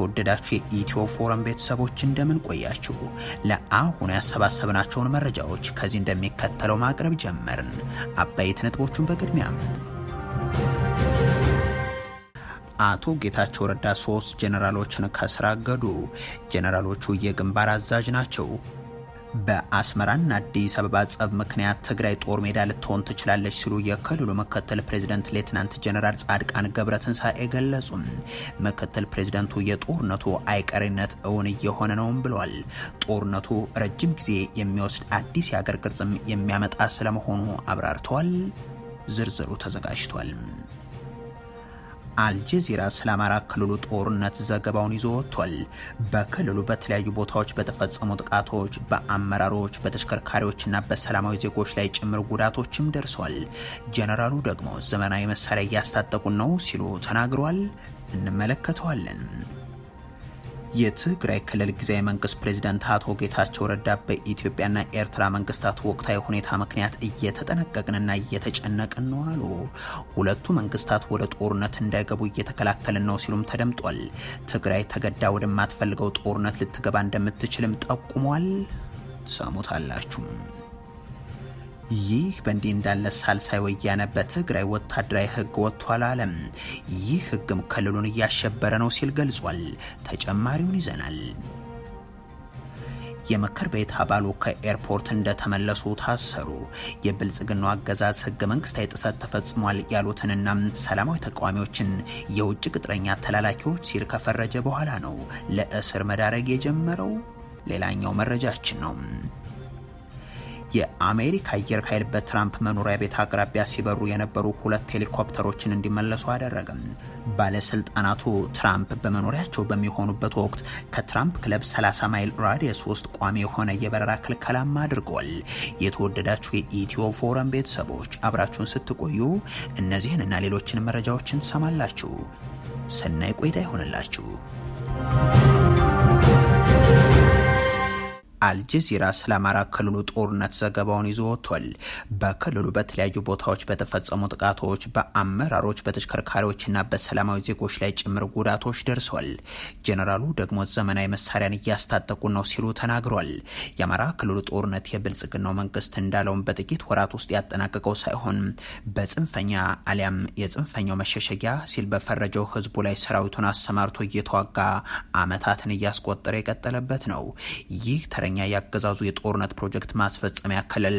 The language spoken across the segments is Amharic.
የተወደዳችሁ የኢትዮ ፎረም ቤተሰቦች እንደምን ቆያችሁ? ለአሁን ያሰባሰብናቸውን መረጃዎች ከዚህ እንደሚከተለው ማቅረብ ጀመርን። አበይት ነጥቦቹን በቅድሚያም አቶ ጌታቸው ረዳ ሶስት ጄኔራሎችን ከስራ አገዱ። ጄኔራሎቹ የግንባር አዛዥ ናቸው። በአስመራና አዲስ አበባ ጸብ ምክንያት ትግራይ ጦር ሜዳ ልትሆን ትችላለች ሲሉ የክልሉ ምክትል ፕሬዚደንት ሌትናንት ጀነራል ጻድቃን ገብረትንሳኤ ገለጹ። ምክትል ፕሬዚደንቱ የጦርነቱ አይቀሬነት እውን እየሆነ ነውም ብሏል። ጦርነቱ ረጅም ጊዜ የሚወስድ አዲስ የአገር ቅርጽም የሚያመጣ ስለመሆኑ አብራርተዋል። ዝርዝሩ ተዘጋጅቷል። አልጀዚራ ስለ አማራ ክልሉ ጦርነት ዘገባውን ይዞ ወጥቷል። በክልሉ በተለያዩ ቦታዎች በተፈጸሙ ጥቃቶች በአመራሮች በተሽከርካሪዎችና በሰላማዊ ዜጎች ላይ ጭምር ጉዳቶችም ደርሰዋል። ጀነራሉ ደግሞ ዘመናዊ መሳሪያ እያስታጠቁን ነው ሲሉ ተናግሯል። እንመለከተዋለን። የትግራይ ክልል ጊዜያዊ መንግስት ፕሬዚደንት አቶ ጌታቸው ረዳ በኢትዮጵያና ኤርትራ መንግስታት ወቅታዊ ሁኔታ ምክንያት እየተጠነቀቅንና እየተጨነቅን ነው አሉ። ሁለቱ መንግስታት ወደ ጦርነት እንዳይገቡ እየተከላከልን ነው ሲሉም ተደምጧል። ትግራይ ተገዳ ወደማትፈልገው ጦርነት ልትገባ እንደምትችልም ጠቁሟል። ሰሙታላችሁም። ይህ በእንዲህ እንዳለ ሳልሳይ ወያነ በትግራይ ወታደራዊ ህግ ወጥቷል አለም። ይህ ህግም ክልሉን እያሸበረ ነው ሲል ገልጿል። ተጨማሪውን ይዘናል። የምክር ቤት አባሉ ከኤርፖርት እንደተመለሱ ታሰሩ። የብልጽግናው አገዛዝ ህገ መንግስታዊ ጥሰት ተፈጽሟል ያሉትንና ሰላማዊ ተቃዋሚዎችን የውጭ ቅጥረኛ ተላላኪዎች ሲል ከፈረጀ በኋላ ነው ለእስር መዳረግ የጀመረው። ሌላኛው መረጃችን ነው። የአሜሪካ አየር ኃይል በትራምፕ መኖሪያ ቤት አቅራቢያ ሲበሩ የነበሩ ሁለት ሄሊኮፕተሮችን እንዲመለሱ አደረገም። ባለስልጣናቱ ትራምፕ በመኖሪያቸው በሚሆኑበት ወቅት ከትራምፕ ክለብ 30 ማይል ራዲየስ ውስጥ ቋሚ የሆነ የበረራ ክልከላም አድርገዋል። የተወደዳችሁ የኢትዮ ፎረም ቤተሰቦች አብራችሁን ስትቆዩ እነዚህን እና ሌሎችን መረጃዎችን ትሰማላችሁ። ሰናይ ቆይታ ይሆንላችሁ። አልጀዚራ ስለ አማራ ክልሉ ጦርነት ዘገባውን ይዞ ወጥቷል። በክልሉ በተለያዩ ቦታዎች በተፈጸሙ ጥቃቶች በአመራሮች በተሽከርካሪዎችና በሰላማዊ ዜጎች ላይ ጭምር ጉዳቶች ደርሷል። ጀኔራሉ ደግሞ ዘመናዊ መሳሪያን እያስታጠቁ ነው ሲሉ ተናግሯል። የአማራ ክልሉ ጦርነት የብልጽግናው መንግስት እንዳለውን በጥቂት ወራት ውስጥ ያጠናቀቀው ሳይሆን በጽንፈኛ አሊያም የጽንፈኛው መሸሸጊያ ሲል በፈረጀው ህዝቡ ላይ ሰራዊቱን አሰማርቶ እየተዋጋ አመታትን እያስቆጠረ የቀጠለበት ነው። ይህ ተረ አስረኛ ያገዛዙ የጦርነት ፕሮጀክት ማስፈጸሚያ ክልል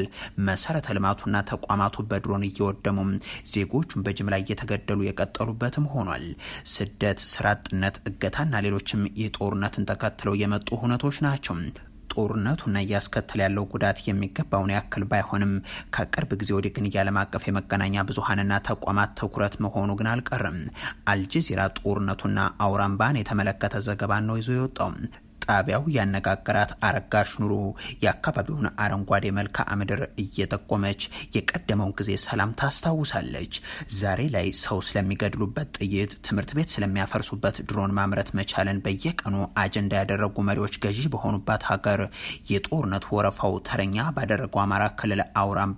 መሰረተ ልማቱና ተቋማቱ በድሮን እየወደሙ ዜጎቹን በጅምላ እየተገደሉ የቀጠሉበትም ሆኗል። ስደት፣ ስራ አጥነት፣ እገታና ሌሎችም የጦርነትን ተከትለው የመጡ ሁነቶች ናቸው። ጦርነቱና እያስከተለ ያለው ጉዳት የሚገባውን ያክል ባይሆንም ከቅርብ ጊዜ ወዲህ ግን የዓለም አቀፍ የመገናኛ ብዙሀንና ተቋማት ትኩረት መሆኑ ግን አልቀርም። አልጀዚራ ጦርነቱና አውራምባን የተመለከተ ዘገባ ነው ይዞ የወጣው። ጣቢያው ያነጋገራት አረጋሽ ኑሮ የአካባቢውን አረንጓዴ መልክዓ ምድር እየጠቆመች የቀደመውን ጊዜ ሰላም ታስታውሳለች። ዛሬ ላይ ሰው ስለሚገድሉበት ጥይት፣ ትምህርት ቤት ስለሚያፈርሱበት ድሮን ማምረት መቻልን በየቀኑ አጀንዳ ያደረጉ መሪዎች ገዢ በሆኑባት ሀገር የጦርነት ወረፋው ተረኛ ባደረገው አማራ ክልል አውራምባ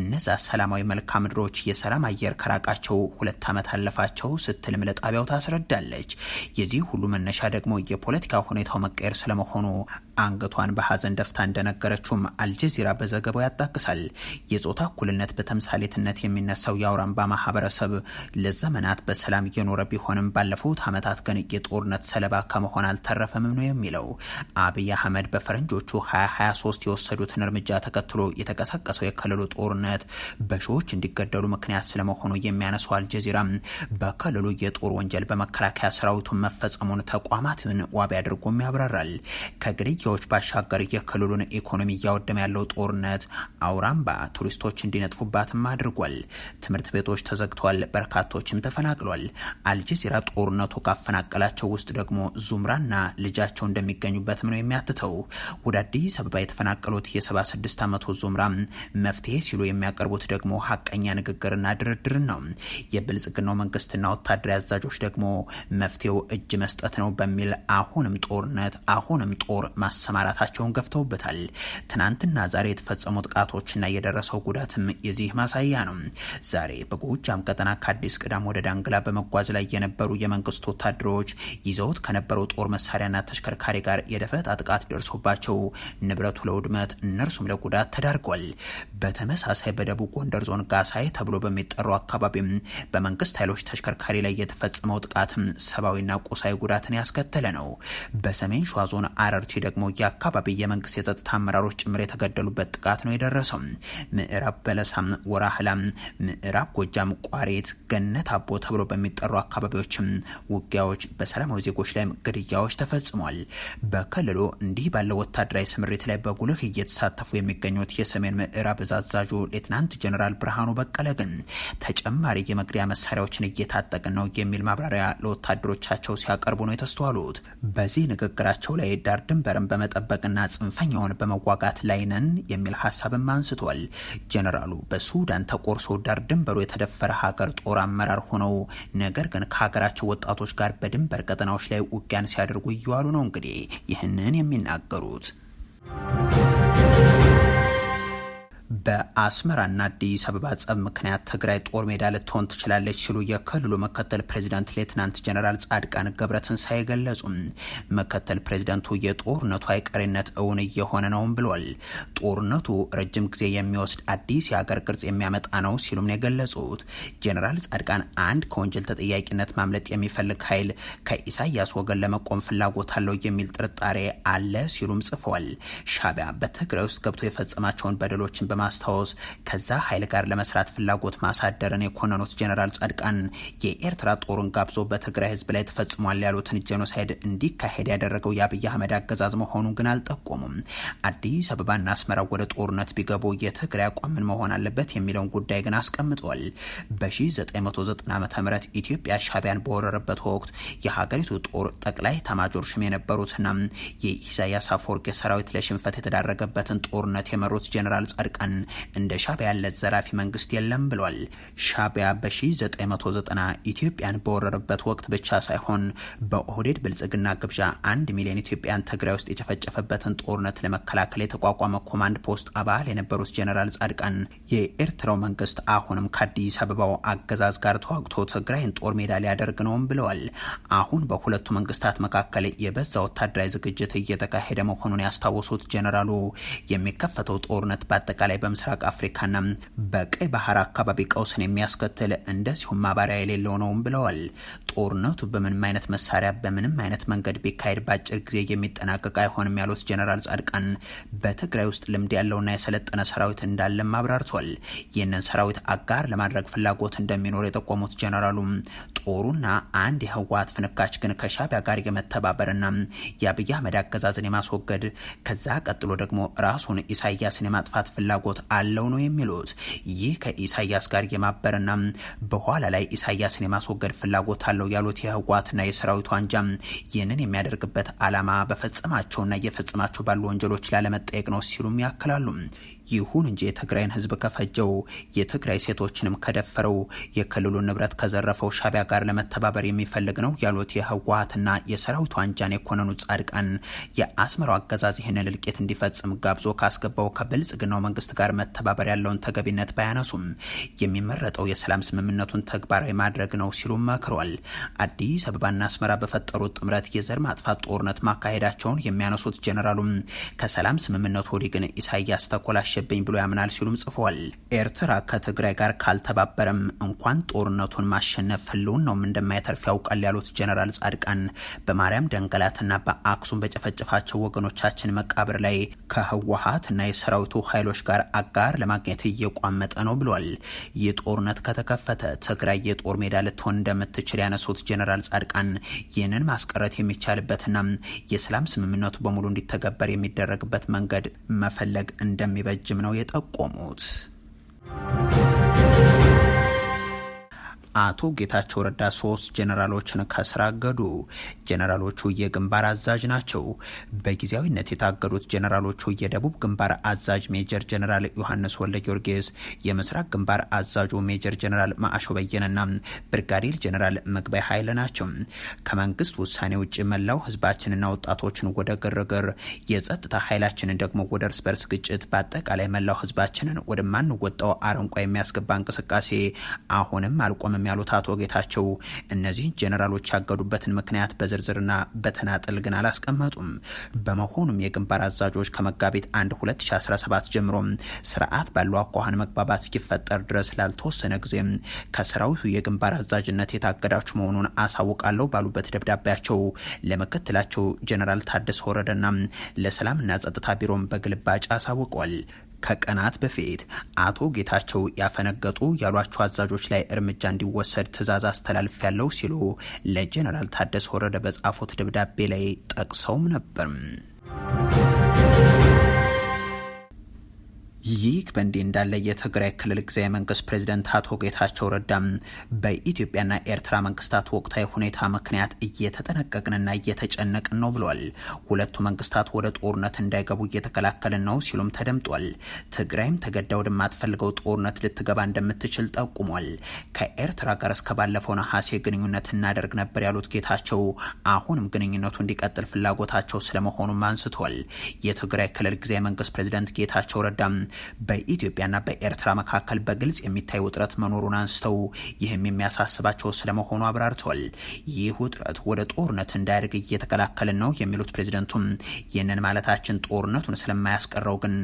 እነዛ ሰላማዊ መልክዓ ምድሮች የሰላም አየር ከራቃቸው ሁለት ዓመት አለፋቸው ስትልም ለጣቢያው ታስረዳለች። የዚህ ሁሉ መነሻ ደግሞ የፖለቲካ ሁኔታው የሚቀየር ስለመሆኑ አንገቷን በሐዘን ደፍታ እንደነገረችውም አልጀዚራ በዘገባው ያጣቅሳል። የጾታ እኩልነት በተምሳሌትነት የሚነሳው የአውራምባ ማህበረሰብ ለዘመናት በሰላም እየኖረ ቢሆንም ባለፉት ዓመታት ግን የጦርነት ሰለባ ከመሆን አልተረፈምም ነው የሚለው አብይ አህመድ በፈረንጆቹ 2023 የወሰዱትን እርምጃ ተከትሎ የተቀሰቀሰው የክልሉ ጦርነት በሺዎች እንዲገደሉ ምክንያት ስለመሆኑ የሚያነሱ አልጀዚራ በክልሉ የጦር ወንጀል በመከላከያ ሰራዊቱን መፈጸሙን ተቋማትን ዋቢ አድርጎም ያብራራል። ከግድያ ከመፍትሄዎች ባሻገር የክልሉን ኢኮኖሚ እያወደመ ያለው ጦርነት አውራምባ ቱሪስቶች እንዲነጥፉባትም አድርጓል። ትምህርት ቤቶች ተዘግተዋል፣ በርካቶችም ተፈናቅሏል። አልጀዚራ ጦርነቱ ካፈናቀላቸው ውስጥ ደግሞ ዙምራና ልጃቸው እንደሚገኙበትም ነው የሚያትተው። ወደ አዲስ አበባ የተፈናቀሉት የ76 ዓመቱ ዙምራ መፍትሄ ሲሉ የሚያቀርቡት ደግሞ ሀቀኛ ንግግርና ድርድርን ነው። የብልጽግናው መንግስትና ወታደራዊ አዛዦች ደግሞ መፍትሄው እጅ መስጠት ነው በሚል አሁንም ጦርነት አሁንም ጦር ማስ ማሰማራታቸውን ገፍተውበታል። ትናንትና ዛሬ የተፈጸሙ ጥቃቶችና የደረሰው ጉዳትም የዚህ ማሳያ ነው። ዛሬ በጎጃም ቀጠና ከአዲስ ቅዳም ወደ ዳንግላ በመጓዝ ላይ የነበሩ የመንግስት ወታደሮች ይዘውት ከነበረው ጦር መሳሪያና ተሽከርካሪ ጋር የደፈጣ ጥቃት ደርሶባቸው ንብረቱ ለውድመት እነርሱም ለጉዳት ተዳርጓል። በተመሳሳይ በደቡብ ጎንደር ዞን ጋሳይ ተብሎ በሚጠራው አካባቢም በመንግስት ኃይሎች ተሽከርካሪ ላይ የተፈጸመው ጥቃትም ሰብአዊና ቁሳዊ ጉዳትን ያስከተለ ነው። በሰሜን ሸዋ ዞን አረርቲ ደግሞ የአካባቢ የመንግስት የጸጥታ አመራሮች ጭምር የተገደሉበት ጥቃት ነው የደረሰው። ምዕራብ በለሳም፣ ወራህላም፣ ምዕራብ ጎጃም ቋሬት ገነት አቦ ተብሎ በሚጠሩ አካባቢዎችም ውጊያዎች፣ በሰላማዊ ዜጎች ላይም ግድያዎች ተፈጽሟል። በክልሉ እንዲህ ባለው ወታደራዊ ስምሪት ላይ በጉልህ እየተሳተፉ የሚገኙት የሰሜን ምዕራብ እዝ አዛዡ ሌትናንት ጀኔራል ብርሃኑ በቀለ ግን ተጨማሪ የመግደያ መሳሪያዎችን እየታጠቅን ነው የሚል ማብራሪያ ለወታደሮቻቸው ሲያቀርቡ ነው የተስተዋሉት። በዚህ ንግግራቸው ላይ ዳር ድንበርን በመጠበቅና ጽንፈኛውን በመዋጋት ላይ ነን የሚል ሀሳብም አንስቷል። ጀኔራሉ በሱዳን ተቆርሶ ዳር ድንበሩ የተደፈረ ሀገር ጦር አመራር ሆነው ነገር ግን ከሀገራቸው ወጣቶች ጋር በድንበር ቀጠናዎች ላይ ውጊያን ሲያደርጉ እየዋሉ ነው። እንግዲህ ይህንን የሚናገሩት በአስመራና አዲስ አበባ ጸብ ምክንያት ትግራይ ጦር ሜዳ ልትሆን ትችላለች ሲሉ የክልሉ ምክትል ፕሬዚዳንት ሌትናንት ጀነራል ጻድቃን ገብረትንሳኤ ገለጹ። ምክትል ፕሬዚዳንቱ የጦርነቱ አይቀሬነት እውን እየሆነ ነውም ብሏል። ጦርነቱ ረጅም ጊዜ የሚወስድ አዲስ የሀገር ቅርጽ የሚያመጣ ነው ሲሉም ነው የገለጹት። ጀነራል ጻድቃን አንድ ከወንጀል ተጠያቂነት ማምለጥ የሚፈልግ ኃይል ከኢሳያስ ወገን ለመቆም ፍላጎት አለው የሚል ጥርጣሬ አለ ሲሉም ጽፏል። ሻቢያ በትግራይ ውስጥ ገብቶ የፈጸማቸውን በደሎችን በማስታወስ ከዛ ኃይል ጋር ለመስራት ፍላጎት ማሳደርን የኮነኑት ጀነራል ጻድቃን የኤርትራ ጦርን ጋብዞ በትግራይ ህዝብ ላይ ተፈጽሟል ያሉትን ጄኖሳይድ እንዲካሄድ ያደረገው የአብይ አህመድ አገዛዝ መሆኑን ግን አልጠቆሙም። አዲስ አበባና አስመራ ወደ ጦርነት ቢገቡ የትግራይ አቋም ምን መሆን አለበት የሚለውን ጉዳይ ግን አስቀምጧል። በ1990 ዓ ም ኢትዮጵያ ሻቢያን በወረረበት ወቅት የሀገሪቱ ጦር ጠቅላይ ታማጆር ሽም የነበሩትና የኢሳያስ አፈወርቂ ሰራዊት ለሽንፈት የተዳረገበትን ጦርነት የመሩት ጀነራል ጻድቃን እንኳን እንደ ሻቢያ ያለ ዘራፊ መንግስት የለም ብሏል። ሻቢያ በ1990 ኢትዮጵያን በወረረበት ወቅት ብቻ ሳይሆን በኦህዴድ ብልጽግና ግብዣ አንድ ሚሊዮን ኢትዮጵያን ትግራይ ውስጥ የጨፈጨፈበትን ጦርነት ለመከላከል የተቋቋመ ኮማንድ ፖስት አባል የነበሩት ጀኔራል ጻድቃን የኤርትራው መንግስት አሁንም ከአዲስ አበባው አገዛዝ ጋር ተዋግቶ ትግራይን ጦር ሜዳ ሊያደርግ ነውም ብለዋል። አሁን በሁለቱ መንግስታት መካከል የበዛ ወታደራዊ ዝግጅት እየተካሄደ መሆኑን ያስታወሱት ጀኔራሉ የሚከፈተው ጦርነት በአጠቃላይ በተለይ በምስራቅ አፍሪካና በቀይ ባህር አካባቢ ቀውስን የሚያስከትል እንደዚሁም ማባሪያ የሌለው ነውም ብለዋል። ጦርነቱ በምንም አይነት መሳሪያ በምንም አይነት መንገድ ቢካሄድ በአጭር ጊዜ የሚጠናቀቅ አይሆንም ያሉት ጀነራል ጻድቃን በትግራይ ውስጥ ልምድ ያለውና የሰለጠነ ሰራዊት እንዳለም አብራርቷል። ይህንን ሰራዊት አጋር ለማድረግ ፍላጎት እንደሚኖር የጠቆሙት ጀነራሉ ጦሩና አንድ የህወሓት ፍንካች ግን ከሻቢያ ጋር የመተባበርና የአብይ አህመድ አገዛዝን የማስወገድ ከዛ ቀጥሎ ደግሞ ራሱን ኢሳያስን የማጥፋት ፍላጎት ፍላጎት አለው ነው የሚሉት። ይህ ከኢሳያስ ጋር የማበርና በኋላ ላይ ኢሳያስን የማስወገድ ፍላጎት አለው ያሉት የህወሓትና የሰራዊቱ አንጃ ይህንን የሚያደርግበት አላማ በፈጸማቸውና እየፈጸማቸው ባሉ ወንጀሎች ላለመጠየቅ ነው ሲሉም ያክላሉ። ይሁን እንጂ የትግራይን ህዝብ ከፈጀው፣ የትግራይ ሴቶችንም ከደፈረው፣ የክልሉን ንብረት ከዘረፈው ሻቢያ ጋር ለመተባበር የሚፈልግ ነው ያሉት የህወሀትና የሰራዊቱ አንጃን የኮነኑ ጻድቃን የአስመራው አገዛዝ ይህንን እልቂት እንዲፈጽም ጋብዞ ካስገባው ከብልጽግናው መንግስት ጋር መተባበር ያለውን ተገቢነት ባያነሱም የሚመረጠው የሰላም ስምምነቱን ተግባራዊ ማድረግ ነው ሲሉ መክሯል። አዲስ አበባና አስመራ በፈጠሩት ጥምረት የዘር ማጥፋት ጦርነት ማካሄዳቸውን የሚያነሱት ጀኔራሉ ከሰላም ስምምነቱ ወዲህ ግን ኢሳያስ ተኮላሽ አሸብኝ ብሎ ያምናል ሲሉም ጽፏል። ኤርትራ ከትግራይ ጋር ካልተባበረም እንኳን ጦርነቱን ማሸነፍ ነውም እንደማይተርፍ ያውቃል ያሉት ጀነራል ጻድቃን በማርያም ደንገላትና በ አክሱም በጨፈጨፋቸው ወገኖቻችን መቃብር ላይ ከህወሀት እና የሰራዊቱ ኃይሎች ጋር አጋር ለማግኘት እየቋመጠ ነው ብሏል። ይህ ጦርነት ከተከፈተ ትግራይ የጦር ሜዳ ልትሆን እንደምትችል ያነሱት ጄኔራል ጻድቃን ይህንን ማስቀረት የሚቻልበትና የሰላም ስምምነቱ በሙሉ እንዲተገበር የሚደረግበት መንገድ መፈለግ እንደሚበጅም ነው የጠቆሙት። አቶ ጌታቸው ረዳ ሶስት ጀኔራሎችን ከስራ አገዱ። ጀኔራሎቹ የግንባር አዛዥ ናቸው። በጊዜያዊነት የታገዱት ጀኔራሎቹ የደቡብ ግንባር አዛዥ ሜጀር ጀኔራል ዮሐንስ ወልደ ጊዮርጊስ፣ የምስራቅ ግንባር አዛዡ ሜጀር ጀኔራል ማአሾ በየነና ብርጋዴር ጀኔራል መግባይ ኃይለ ናቸው። ከመንግስት ውሳኔ ውጭ መላው ህዝባችንና ወጣቶችን ወደ ግርግር፣ የጸጥታ ኃይላችንን ደግሞ ወደ እርስ በርስ ግጭት፣ በአጠቃላይ መላው ህዝባችንን ወደማንወጣው አረንቋ የሚያስገባ እንቅስቃሴ አሁንም አልቆምም አይደለም ያሉት አቶ ጌታቸው እነዚህ ጀነራሎች ያገዱበትን ምክንያት በዝርዝርና በተናጠል ግን አላስቀመጡም። በመሆኑም የግንባር አዛዦች ከመጋቢት 1 2017 ጀምሮ ስርዓት ባለው አኳኋን መግባባት እስኪፈጠር ድረስ ላልተወሰነ ጊዜ ከሰራዊቱ የግንባር አዛዥነት የታገዳችሁ መሆኑን አሳውቃለሁ ባሉበት ደብዳቤያቸው ለምክትላቸው ጀነራል ታደሰ ወረደና ለሰላምና ጸጥታ ቢሮም በግልባጭ አሳውቋል። ከቀናት በፊት አቶ ጌታቸው ያፈነገጡ ያሏቸው አዛዦች ላይ እርምጃ እንዲወሰድ ትዕዛዝ አስተላልፍ ያለው ሲሉ ለጀነራል ታደሰ ወረደ በጻፉት ደብዳቤ ላይ ጠቅሰውም ነበር። ይህ በእንዲህ እንዳለ የትግራይ ክልል ጊዜያዊ መንግስት ፕሬዚደንት አቶ ጌታቸው ረዳም በኢትዮጵያና ኤርትራ መንግስታት ወቅታዊ ሁኔታ ምክንያት እየተጠነቀቅንና እየተጨነቅን ነው ብሏል። ሁለቱ መንግስታት ወደ ጦርነት እንዳይገቡ እየተከላከልን ነው ሲሉም ተደምጧል። ትግራይም ተገዳ ወደማትፈልገው ጦርነት ልትገባ እንደምትችል ጠቁሟል። ከኤርትራ ጋር እስከ ባለፈው ነሐሴ ግንኙነት እናደርግ ነበር ያሉት ጌታቸው አሁንም ግንኙነቱ እንዲቀጥል ፍላጎታቸው ስለመሆኑም አንስቷል። የትግራይ ክልል ጊዜያዊ መንግስት ፕሬዚደንት ጌታቸው ረዳም በኢትዮጵያና በኤርትራ መካከል በግልጽ የሚታይ ውጥረት መኖሩን አንስተው ይህም የሚያሳስባቸው ስለመሆኑ አብራርተዋል። ይህ ውጥረት ወደ ጦርነት እንዳያድግ እየተከላከልን ነው የሚሉት ፕሬዝደንቱም ይህንን ማለታችን ጦርነቱን ስለማያስቀረው ግን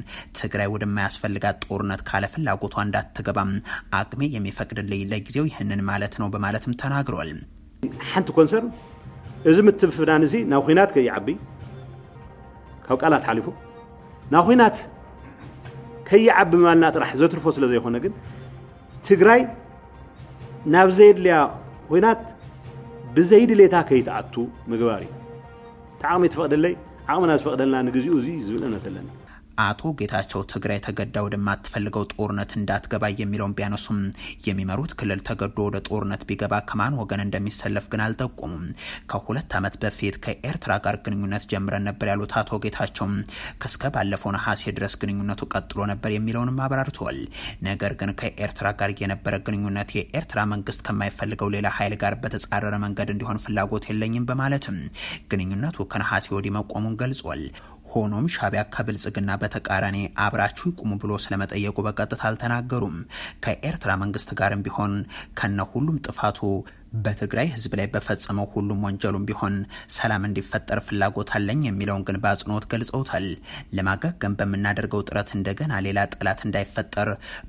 ትግራይ ወደማያስፈልጋት ጦርነት ካለ ፍላጎቷ እንዳትገባም አቅሜ የሚፈቅድልኝ ለጊዜው ይህንን ማለት ነው በማለትም ተናግሯል ሓንቲ ኮንሰርን እዚ ምትፍናን እዚ ናብ ኩናት ከይዓቢ ካብ ቃላት ሓሊፉ ናብ ኩናት ከየዓቢ ምባልና ጥራሕ ዘትርፎ ስለ ዘይኮነ ግን ትግራይ ናብ ዘየድልያ ኩናት ብዘይድሌታ ከይትኣቱ ምግባር እዩ እቲ ዓቕሚ ትፈቕደለይ ዓቕምና ዝፈቕደልና ንግዜኡ እዙ ዝብልነት ኣለና አቶ ጌታቸው ትግራይ ተገዳ ወደማትፈልገው ጦርነት እንዳትገባ የሚለውን ቢያነሱም የሚመሩት ክልል ተገዶ ወደ ጦርነት ቢገባ ከማን ወገን እንደሚሰለፍ ግን አልጠቁሙም። ከሁለት ዓመት በፊት ከኤርትራ ጋር ግንኙነት ጀምረን ነበር ያሉት አቶ ጌታቸው ከስከ ባለፈው ነሐሴ ድረስ ግንኙነቱ ቀጥሎ ነበር የሚለውንም አብራርተዋል። ነገር ግን ከኤርትራ ጋር የነበረ ግንኙነት የኤርትራ መንግስት ከማይፈልገው ሌላ ኃይል ጋር በተጻረረ መንገድ እንዲሆን ፍላጎት የለኝም በማለትም ግንኙነቱ ከነሐሴ ወዲህ መቆሙን ገልጿል። ሆኖም ሻቢያ ከብልጽግና በተቃራኒ አብራችሁ ይቁሙ ብሎ ስለመጠየቁ በቀጥታ አልተናገሩም። ከኤርትራ መንግስት ጋርም ቢሆን ከነ ሁሉም ጥፋቱ በትግራይ ህዝብ ላይ በፈጸመው ሁሉም ወንጀሉም ቢሆን ሰላም እንዲፈጠር ፍላጎት አለኝ የሚለውን ግን በአጽንኦት ገልጸውታል። ለማገገም በምናደርገው ጥረት እንደገና ሌላ ጠላት እንዳይፈጠር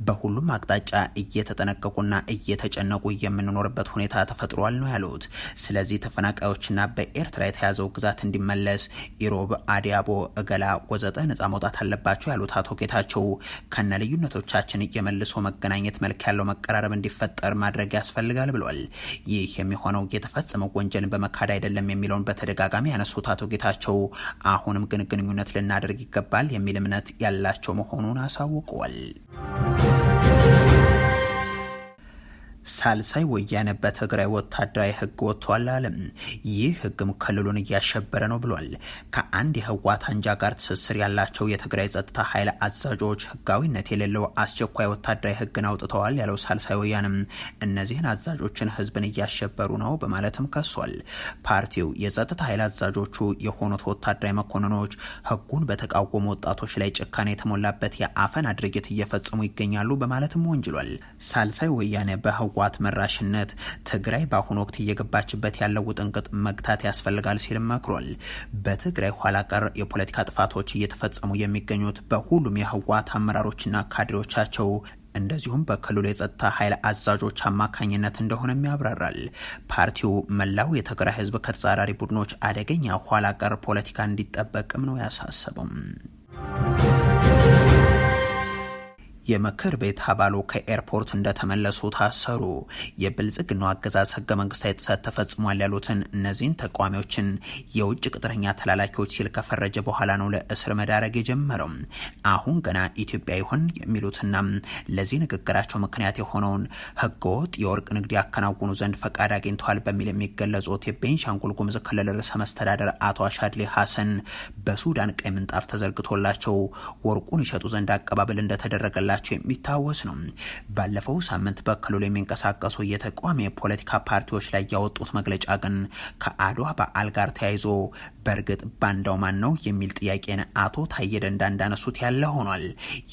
በሁሉም አቅጣጫ እየተጠነቀቁና እየተጨነቁ የምንኖርበት ሁኔታ ተፈጥሯል ነው ያሉት። ስለዚህ ተፈናቃዮችና በኤርትራ የተያዘው ግዛት እንዲመለስ ኢሮብ፣ አዲያቦ፣ እገላ ወዘተ ነጻ መውጣት አለባቸው ያሉት አቶ ጌታቸው ከነ ልዩነቶቻችን የመልሶ መገናኘት መልክ ያለው መቀራረብ እንዲፈጠር ማድረግ ያስፈልጋል ብሏል። ይህ የሚሆነው የተፈጸመው ወንጀልን በመካድ አይደለም የሚለውን በተደጋጋሚ ያነሱት አቶ ጌታቸው አሁንም ግን ግንኙነት ልናደርግ ይገባል የሚል እምነት ያላቸው መሆኑን አሳውቀዋል። ሳልሳይ ወያነ በትግራይ ወታደራዊ ህግ ወጥቷል አለ። ይህ ህግም ክልሉን እያሸበረ ነው ብሏል። ከአንድ የህወሓት አንጃ ጋር ትስስር ያላቸው የትግራይ ጸጥታ ኃይል አዛዦች ህጋዊነት የሌለው አስቸኳይ ወታደራዊ ህግን አውጥተዋል ያለው ሳልሳይ ወያንም እነዚህን አዛዦችን ህዝብን እያሸበሩ ነው በማለትም ከሷል። ፓርቲው የጸጥታ ኃይል አዛዦቹ የሆኑት ወታደራዊ መኮንኖች ህጉን በተቃወሙ ወጣቶች ላይ ጭካኔ የተሞላበት የአፈና ድርጊት እየፈጸሙ ይገኛሉ በማለትም ወንጅሏል። ሳልሳይ ወያነ በህወሓት በህወሓት መራሽነት ትግራይ በአሁኑ ወቅት እየገባችበት ያለው ውጥንቅጥ መግታት ያስፈልጋል ሲል መክሯል። በትግራይ ኋላ ቀር የፖለቲካ ጥፋቶች እየተፈጸሙ የሚገኙት በሁሉም የህወሓት አመራሮችና ካድሬዎቻቸው እንደዚሁም በክልሉ የጸጥታ ኃይል አዛዦች አማካኝነት እንደሆነም ያብራራል። ፓርቲው መላው የትግራይ ህዝብ ከተጻራሪ ቡድኖች አደገኛ ኋላ ቀር ፖለቲካ እንዲጠበቅም ነው ያሳሰበው። የምክር ቤት አባሉ ከኤርፖርት እንደተመለሱ ታሰሩ። የብልጽግናው አገዛዝ ህገ መንግስታዊ ጥሰት ተፈጽሟል ያሉትን እነዚህን ተቃዋሚዎችን የውጭ ቅጥረኛ ተላላኪዎች ሲል ከፈረጀ በኋላ ነው ለእስር መዳረግ የጀመረው። አሁን ገና ኢትዮጵያ ይሆን የሚሉትና ለዚህ ንግግራቸው ምክንያት የሆነውን ህገወጥ የወርቅ ንግድ ያከናውኑ ዘንድ ፈቃድ አግኝተዋል በሚል የሚገለጹት የቤንሻንጉል ጉምዝ ክልል ርዕሰ መስተዳደር አቶ አሻድሌ ሀሰን በሱዳን ቀይ ምንጣፍ ተዘርግቶላቸው ወርቁን ይሸጡ ዘንድ አቀባበል እንደተደረገላቸው መቀላቀላቸው የሚታወስ ነው። ባለፈው ሳምንት በክልሉ የሚንቀሳቀሱ የተቋሚ የፖለቲካ ፓርቲዎች ላይ ያወጡት መግለጫ ግን ከአድዋ በዓል ጋር ተያይዞ በእርግጥ ባንዳው ማን ነው የሚል ጥያቄን አቶ ታየደ ደንዳ እንዳነሱት ያለ ሆኗል።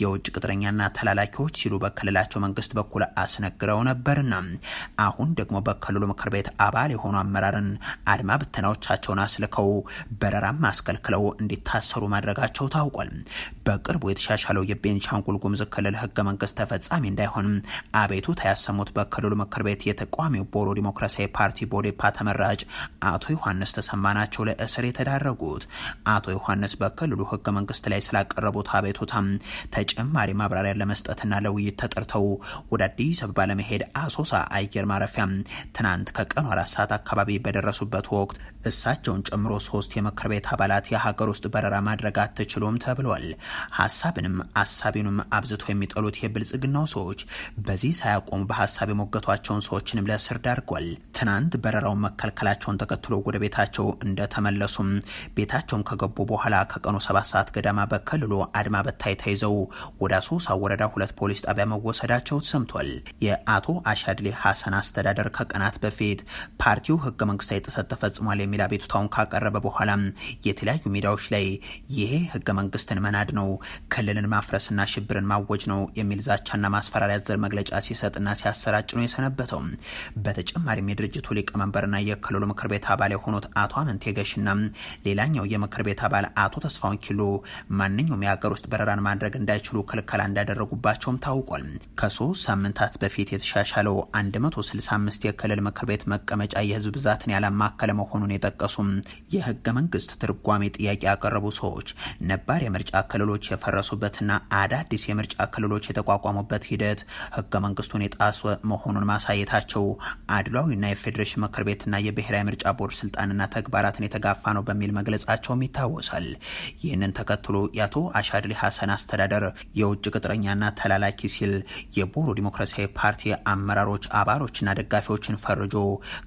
የውጭ ቅጥረኛና ተላላኪዎች ሲሉ በክልላቸው መንግስት በኩል አስነግረው ነበርና አሁን ደግሞ በክልሉ ምክር ቤት አባል የሆኑ አመራርን አድማ ብተናዎቻቸውን አስልከው በረራም አስከልክለው እንዲታሰሩ ማድረጋቸው ታውቋል። በቅርቡ የተሻሻለው የቤንሻንጉል ጉሙዝ ክልል ክልል ህገ መንግስት ተፈጻሚ እንዳይሆን አቤቱታ ያሰሙት በክልሉ ምክር ቤት የተቋሚው ቦሮ ዲሞክራሲያዊ ፓርቲ ቦዴፓ ተመራጭ አቶ ዮሐንስ ተሰማ ናቸው ለእስር የተዳረጉት። አቶ ዮሐንስ በክልሉ ህገ መንግስት ላይ ስላቀረቡት አቤቱታ ተጨማሪ ማብራሪያ ለመስጠትና ለውይይት ተጠርተው ወደ አዲስ አበባ ለመሄድ አሶሳ አየር ማረፊያ ትናንት ከቀኑ አራት ሰዓት አካባቢ በደረሱበት ወቅት እሳቸውን ጨምሮ ሶስት የምክር ቤት አባላት የሀገር ውስጥ በረራ ማድረግ አትችሉም ተብሏል። ሀሳብንም አሳቢንም አብዝቶ የሚጠሉት የብልጽግናው ሰዎች በዚህ ሳያቆሙ በሀሳብ የሞገቷቸውን ሰዎችንም ለእስር ዳርጓል። ትናንት በረራውን መከልከላቸውን ተከትሎ ወደ ቤታቸው እንደተመለሱም ቤታቸውን ከገቡ በኋላ ከቀኑ ሰባት ሰዓት ገደማ በክልሉ አድማ በታይ ተይዘው ወደ አሶሳ ወረዳ ሁለት ፖሊስ ጣቢያ መወሰዳቸው ሰምቷል። የአቶ አሻድሌ ሀሰን አስተዳደር ከቀናት በፊት ፓርቲው ህገ መንግስታዊ ጥሰት ተፈጽሟል የሚል አቤቱታውን ካቀረበ በኋላ የተለያዩ ሜዳዎች ላይ ይሄ ህገ መንግስትን መናድ ነው፣ ክልልን ማፍረስና ሽብርን ማወጅ ነው የሚል ዛቻና ማስፈራሪያ ዘር መግለጫ ሲሰጥና ሲያሰራጭ ነው የሰነበተው። በተጨማሪም የድርጅቱ ሊቀመንበርና የክልሉ ምክር ቤት አባል የሆኑት አቶ አመንቴ ገሽና ሌላኛው የምክር ቤት አባል አቶ ተስፋውን ኪሎ ማንኛውም የሀገር ውስጥ በረራን ማድረግ እንዳይችሉ ክልከላ እንዳደረጉባቸውም ታውቋል። ከሶስት ሳምንታት በፊት የተሻሻለው 165 የክልል ምክር ቤት መቀመጫ የህዝብ ብዛትን ያላማከለ መሆኑን የጠቀሱም የህገ መንግስት ትርጓሜ ጥያቄ ያቀረቡ ሰዎች ነባር የምርጫ ክልሎች የፈረሱበትና አዳዲስ የምርጫ ክልሎች የተቋቋሙበት ሂደት ህገ መንግስቱን የጣሰ መሆኑን ማሳየታቸው አድሏዊና የፌዴሬሽን ምክር ቤትና የብሔራዊ ምርጫ ቦርድ ስልጣንና ተግባራትን የተጋፋ ነው በሚል መግለጻቸውም ይታወሳል። ይህንን ተከትሎ የአቶ አሻድሊ ሀሰን አስተዳደር የውጭ ቅጥረኛና ተላላኪ ሲል የቦሮ ዲሞክራሲያዊ ፓርቲ አመራሮች አባሎችና ደጋፊዎችን ፈርጆ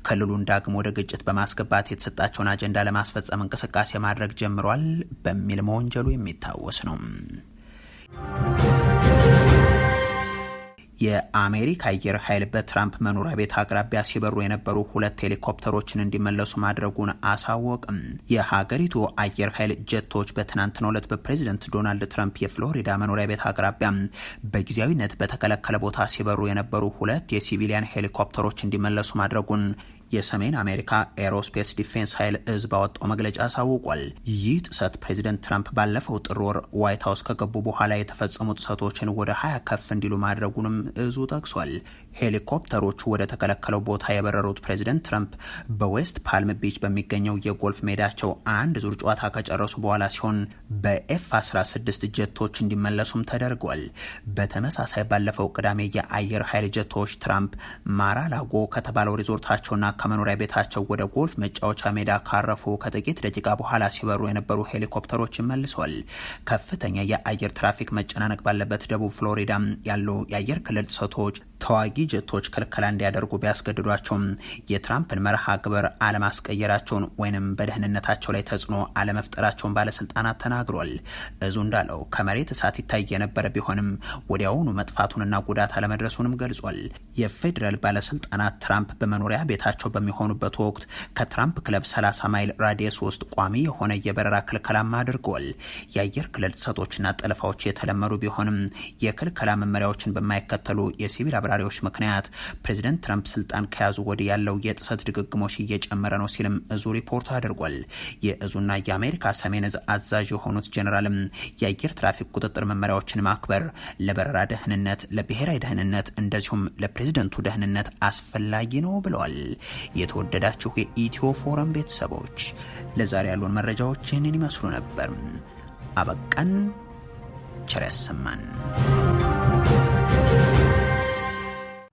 ክልሉን ዳግሞ ወደ ግጭት በማስገባት የተሰጣቸውን አጀንዳ ለማስፈጸም እንቅስቃሴ ማድረግ ጀምሯል በሚል መወንጀሉ የሚታወስ ነው። የአሜሪካ አየር ኃይል በትራምፕ መኖሪያ ቤት አቅራቢያ ሲበሩ የነበሩ ሁለት ሄሊኮፕተሮችን እንዲመለሱ ማድረጉን አሳወቅም። የሀገሪቱ አየር ኃይል ጀቶች በትናንትናው ዕለት በፕሬዚደንት ዶናልድ ትራምፕ የፍሎሪዳ መኖሪያ ቤት አቅራቢያ በጊዜያዊነት በተከለከለ ቦታ ሲበሩ የነበሩ ሁለት የሲቪሊያን ሄሊኮፕተሮች እንዲመለሱ ማድረጉን የሰሜን አሜሪካ ኤሮስፔስ ዲፌንስ ኃይል እዝ ባወጣው መግለጫ አሳውቋል። ይህ ጥሰት ፕሬዚደንት ትራምፕ ባለፈው ጥር ወር ዋይት ሀውስ ከገቡ በኋላ የተፈጸሙ ጥሰቶችን ወደ ሀያ ከፍ እንዲሉ ማድረጉንም እዙ ጠቅሷል። ሄሊኮፕተሮቹ ወደ ተከለከለው ቦታ የበረሩት ፕሬዚደንት ትራምፕ በዌስት ፓልም ቢች በሚገኘው የጎልፍ ሜዳቸው አንድ ዙር ጨዋታ ከጨረሱ በኋላ ሲሆን በኤፍ 16 ጀቶች እንዲመለሱም ተደርጓል። በተመሳሳይ ባለፈው ቅዳሜ የአየር ኃይል ጀቶች ትራምፕ ማራላጎ ከተባለው ሪዞርታቸውና ከመኖሪያ ቤታቸው ወደ ጎልፍ መጫወቻ ሜዳ ካረፉ ከጥቂት ደቂቃ በኋላ ሲበሩ የነበሩ ሄሊኮፕተሮችን ይመልሰዋል። ከፍተኛ የአየር ትራፊክ መጨናነቅ ባለበት ደቡብ ፍሎሪዳ ያለው የአየር ክልል ጥሰቶች ተዋጊ ጀቶች ክልከላ እንዲያደርጉ ቢያስገድዷቸውም የትራምፕን መርሃ ግብር አለማስቀየራቸውን ወይንም በደህንነታቸው ላይ ተጽዕኖ አለመፍጠራቸውን ባለስልጣናት ተናግሯል። እዙ እንዳለው ከመሬት እሳት ይታይ የነበረ ቢሆንም ወዲያውኑ መጥፋቱንና ጉዳት አለመድረሱንም ገልጿል። የፌዴራል ባለስልጣናት ትራምፕ በመኖሪያ ቤታቸው በሚሆኑበት ወቅት ከትራምፕ ክለብ 30 ማይል ራዲየስ ውስጥ ቋሚ የሆነ የበረራ ክልከላም አድርገዋል። የአየር ክልል ጥሰቶችና ጠለፋዎች የተለመዱ ቢሆንም የክልከላ መመሪያዎችን በማይከተሉ የሲቪል አብራ በራሪዎች ምክንያት ፕሬዚደንት ትራምፕ ስልጣን ከያዙ ወዲህ ያለው የጥሰት ድግግሞች እየጨመረ ነው ሲልም እዙ ሪፖርት አድርጓል። የእዙና የአሜሪካ ሰሜን እዝ አዛዥ የሆኑት ጀኔራልም የአየር ትራፊክ ቁጥጥር መመሪያዎችን ማክበር ለበረራ ደህንነት፣ ለብሔራዊ ደህንነት እንደዚሁም ለፕሬዝደንቱ ደህንነት አስፈላጊ ነው ብለዋል። የተወደዳችሁ የኢትዮ ፎረም ቤተሰቦች ለዛሬ ያሉን መረጃዎች ይህንን ይመስሉ ነበር። አበቃን። ቸር ያሰማን።